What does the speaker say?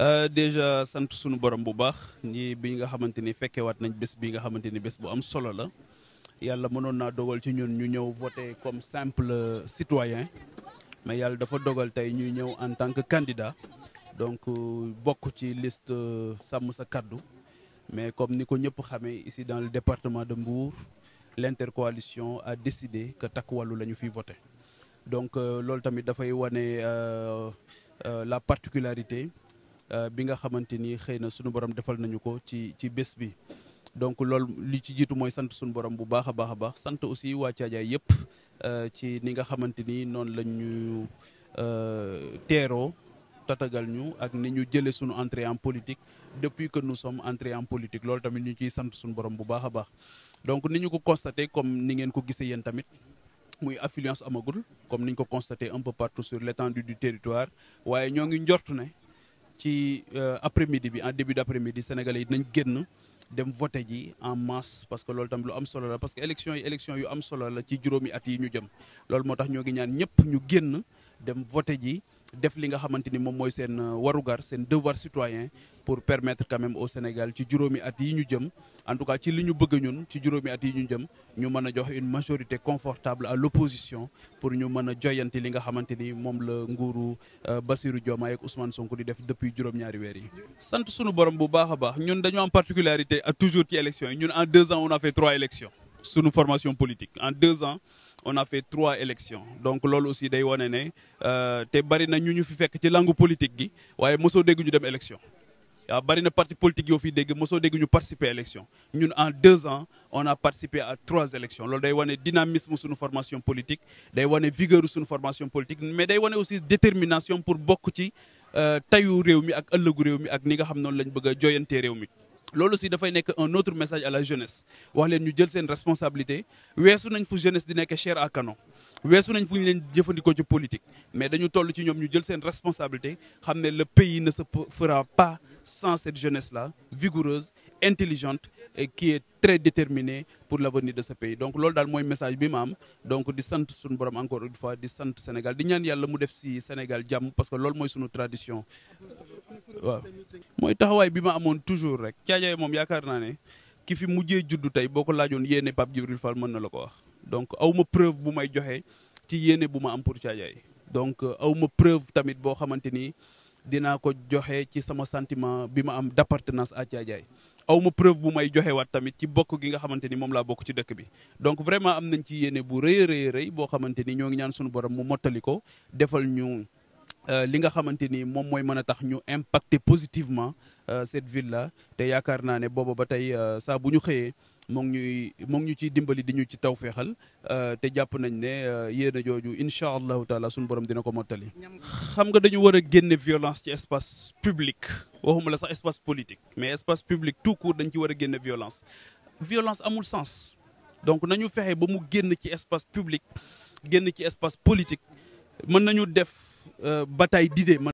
Euh, déjà sant sunu borom bu baax ñi bi nga xamante ni fekkee waat nañ bés bi nga xamante ni bés bu am solo la yàlla mënoon naa dogal ci ñun ñu ñëw voter comme simple euh, citoyen mais yàlla dafa dogal tey ñuy ñëw en tant que candidat donc euh, bokk ci list sàmm sa kàddu mais comme ni ko ñëpp xamee ici dans le département de Mbour l'intercoalition a décidé que Takku Wallu la ñu fiy voter donc loolu tamit dafay wane la particularité Euh, bi nga xamante ni xëy na sunu borom defal nañu ko ci ci bés bi. donc loolu li ci jiitu mooy sant sunu borom bu baax a baax a baax sant aussi waa Caajaay yëpp euh, ci ni nga xamante ni noonu la ñu euh, teeroo tatagal ñu ak ni ñu jële sunu entrée en politique depuis que nous sommes entrés en politique loolu tamit ñu ciy sant sunu borom bu baax a baax. donc ni ñu ko constaté comme ni ngeen ko gisee yéen tamit muy affluence amagul comme ni ñu ko constaté un peu partout sur l'étendue du territoire waaye ñoo ngi njort ne. ci euh, après midi bi en début d' après midi sénégalais yi nañ génn dem voté ji en masse parce que loolu tamit lu am solo la parce que élection yi élection yu am solo la ci juróomi at yi ñu jëm loolu moo tax ñoo ngi ñaan ñëpp ñu génn dem voté ji. def li nga xamante ni moom mooy seen euh, warugar seen devoir citoyen pour permettre quand même au Sénégal ci juróomi at yi ñu jëm en tout cas ci li ñu bëgg ñun ci juróomi at yi ñu jëm ñu mën a jox une majorité confortable à l'opposition pour ñu mën a joyanti li nga xamante ni moom la nguuru euh, Bassirou Diomaye ak Ousmane Sonko di def depuis juróom-ñaari weer yi. sant sunu borom bu baax a baax ñun dañu am particularité ak toujours ci élection yi ñun en deux ans on a fait trois élections en deux ans. on a fait trois élections donc loolu aussi day wane ne euh, te bari na ñu ñu fi fekk ci langue politique gi waaye mosoo dégg ñu dem élection. waaw bari na parti politique yoo fi dégg mosoo dégg ñu participer élection ñun en deux ans on a participé à trois élections loolu day wane dynamisme suñu formation politique day wane vigueur suñu formation politique mais day wane aussi détermination pour bokk ci euh, tayu réew mi ak ëllëgu réew mi ak ni nga xam noonu lañ bëgg a réew mi. loolu si dafay nekk un autre message à la jeunesse wax leen ñu jël seen responsabilité weesu nañ fu jeunesse di nekk chair à canon weesu nañ fu ñu leen jëfandikoo ci politique mais dañu toll ci ñoom ñu jël seen responsabilité xam ne le pays ne se fera pas sans cette jeunesse là vigoureuse intelligente et qui est très déterminée pour l'avenir de ce pays donc loolu daal mooy message bi ma am donc di sant suñu borom encore une fois di sant Sénégal di ñaan yàlla mu def si Sénégal jàmm parce que loolu mooy suñu tradition waaw mooy taxawaay bi ma amoon toujours rek caajaay moom yaakaar naa ne ki fi mujjee juddu tey boo ko laajoon yéene Pape Djibril fal mën na la ko wax donc aw ma preuve bu may joxe ci yéene bu ma am pour caajaay donc aw ma preuve tamit boo xamante ni dinaa ko joxe ci sama sentiment bi ma am d'appartenance à caajaay aw ma preuve bu may joxe waat tamit ci bokk gi nga xamante ni moom laa bokk ci dëkk bi donc vraiment am nañ ci yéene bu rëy a rëy boo xamante ni ñoo ngi ñaan suñu borom mu mottali ko defal ñu Euh, li nga xamante ni moom mooy mën a tax ñu impacter positivement euh, cette ville la te yaakaar naa ne booba ba tey euh, saa bu ñu xëyee moo ngi ñuy moo ñu ciy dimbali di ñu ci taw feexal te jàpp nañ ne yéen a jooju incha allahu taala suñu borom dina ko mottali. xam nga dañu war a génne violence ci espace public waxuma la sax espace politique mais espace public tout court dañu ci war a génne violence. violence amul sens donc nañu fexe ba mu génn ci espace public génn ci espace politique. mën nañu def euh, bataille d'idées